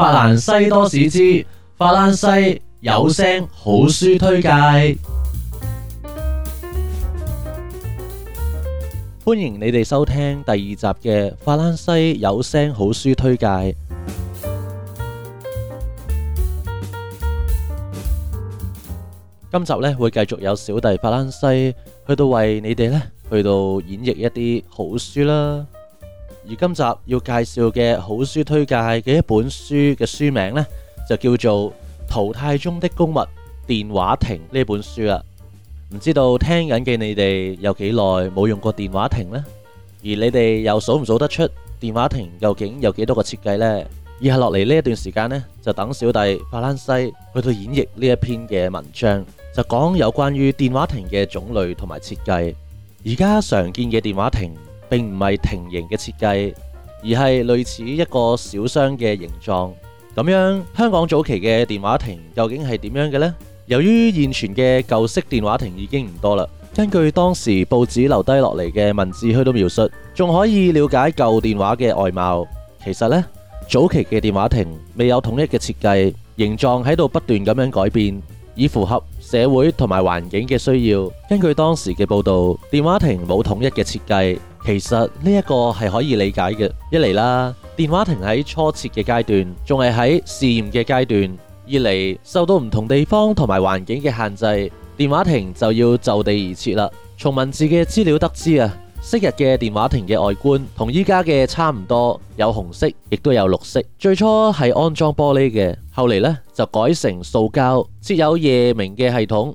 法蘭西多士之法蘭西有聲好書推介，歡迎你哋收聽第二集嘅法蘭西有聲好書推介。今集咧會繼續有小弟法蘭西去到，為你哋咧去到演繹一啲好書啦。而今集要介紹嘅好書推介嘅一本書嘅書名呢，就叫做《淘汰中的公物：電話亭》呢一本書啦。唔知道聽緊嘅你哋有幾耐冇用過電話亭呢？而你哋又數唔數得出電話亭究竟有幾多個設計呢？以下落嚟呢一段時間呢，就等小弟法蘭西去到演繹呢一篇嘅文章，就講有關於電話亭嘅種類同埋設計。而家常見嘅電話亭並唔係亭形嘅設計，而係類似一個小箱嘅形狀。咁樣香港早期嘅電話亭究竟係點樣嘅呢？由於現存嘅舊式電話亭已經唔多啦，根據當時報紙留低落嚟嘅文字去到描述，仲可以瞭解舊電話嘅外貌。其實呢，早期嘅電話亭未有統一嘅設計，形狀喺度不斷咁樣改變，以符合社會同埋環境嘅需要。根據當時嘅報導，電話亭冇統一嘅設計。其實呢一個係可以理解嘅，一嚟啦，電話亭喺初設嘅階段，仲係喺試驗嘅階段；二嚟受到唔同地方同埋環境嘅限制，電話亭就要就地而設啦。從文字嘅資料得知啊，昔日嘅電話亭嘅外觀同依家嘅差唔多，有紅色，亦都有綠色。最初係安裝玻璃嘅，後嚟呢，就改成塑膠，設有夜明嘅系統。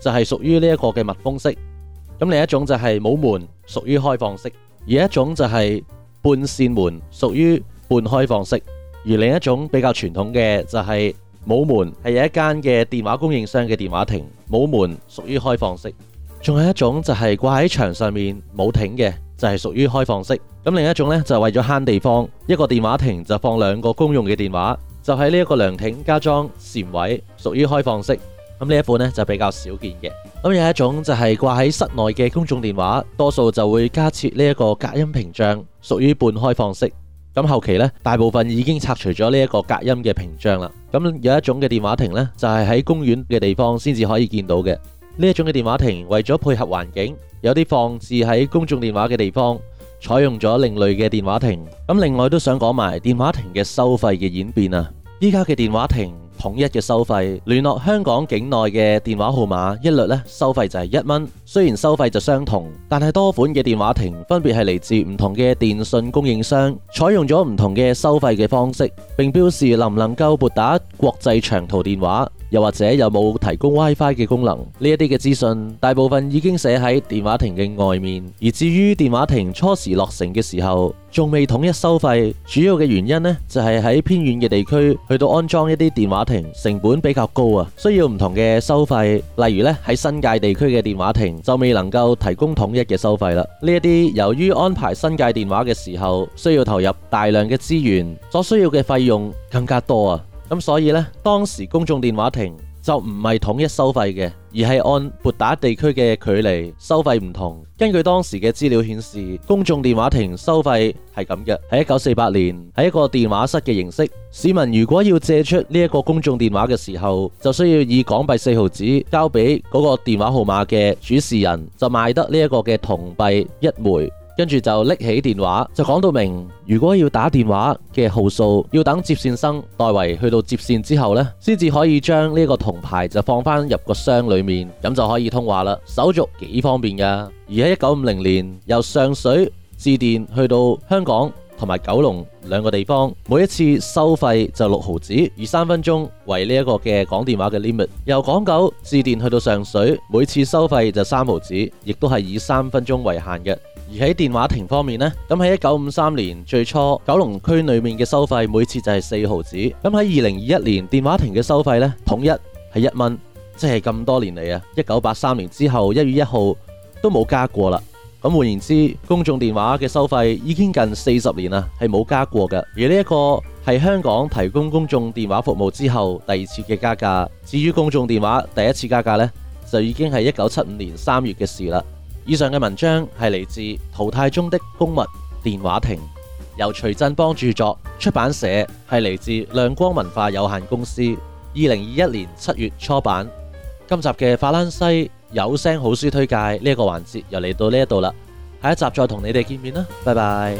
就係屬於呢一個嘅密封式，咁另一種就係冇門，屬於開放式；而一種就係半扇門，屬於半開放式；而另一種比較傳統嘅就係冇門，係有一間嘅電話供應商嘅電話亭冇門，屬於開放式。仲有一種就係掛喺牆上面冇亭嘅，就係屬於開放式。咁另一種呢，就係為咗慳地方，一個電話亭就放兩個公用嘅電話，就喺呢一個涼亭加裝閂位，屬於開放式。咁呢一款咧就比較少見嘅。咁有一種就係掛喺室內嘅公眾電話，多數就會加設呢一個隔音屏障，屬於半開放式。咁後期咧，大部分已經拆除咗呢一個隔音嘅屏障啦。咁有一種嘅電話亭咧，就係喺公園嘅地方先至可以見到嘅。呢一種嘅電話亭為咗配合環境，有啲放置喺公眾電話嘅地方，採用咗另類嘅電話亭。咁另外都想講埋電話亭嘅收費嘅演變啊！依家嘅電話亭統一嘅收費，聯絡香港境內嘅電話號碼，一律呢收費就係一蚊。雖然收費就相同，但係多款嘅電話亭分別係嚟自唔同嘅電信供應商，採用咗唔同嘅收費嘅方式，並表示能唔能夠撥打國際長途電話，又或者有冇提供 WiFi 嘅功能呢一啲嘅資訊，大部分已經寫喺電話亭嘅外面。而至於電話亭初時落成嘅時候，仲未統一收費，主要嘅原因呢就係喺偏遠嘅地區去到安裝一啲電話亭成本比較高啊，需要唔同嘅收費，例如呢喺新界地區嘅電話亭。就未能夠提供統一嘅收費啦。呢一啲由於安排新界電話嘅時候，需要投入大量嘅資源，所需要嘅費用更加多啊。咁所以呢，當時公眾電話亭就唔係統一收費嘅，而係按撥打地區嘅距離收費唔同。根據當時嘅資料顯示，公眾電話亭收費係咁嘅。喺一九四八年，係一個電話室嘅形式，市民如果要借出呢一個公眾電話嘅時候，就需要以港幣四毫紙交俾嗰個電話號碼嘅主持人，就賣得呢一個嘅銅幣一枚。跟住就拎起電話，就講到明，如果要打電話嘅號數，要等接線生代為去到接線之後呢，先至可以將呢一個銅牌就放翻入個箱裏面，咁就可以通話啦。手續幾方便噶。而喺一九五零年，由上水致電去到香港同埋九龍兩個地方，每一次收費就六毫子，而三分鐘為呢一個嘅講電話嘅 limit。由港九致電去到上水，每次收費就三毫子，亦都係以三分鐘為限嘅。而喺電話亭方面呢，咁喺一九五三年最初，九龍區裏面嘅收費每次就係四毫子。咁喺二零二一年電話亭嘅收費呢，統一係一蚊，即係咁多年嚟啊！一九八三年之後一月一號都冇加過啦。咁換言之，公眾電話嘅收費已經近四十年啦，係冇加過嘅。而呢一個係香港提供公眾電話服務之後第二次嘅加價。至於公眾電話第一次加價呢，就已經係一九七五年三月嘅事啦。以上嘅文章係嚟自《淘汰中的公物電話亭》，由徐振邦著作，出版社係嚟自亮光文化有限公司，二零二一年七月初版。今集嘅法蘭西有聲好書推介呢一個環節又嚟到呢一度啦，下一集再同你哋見面啦，拜拜。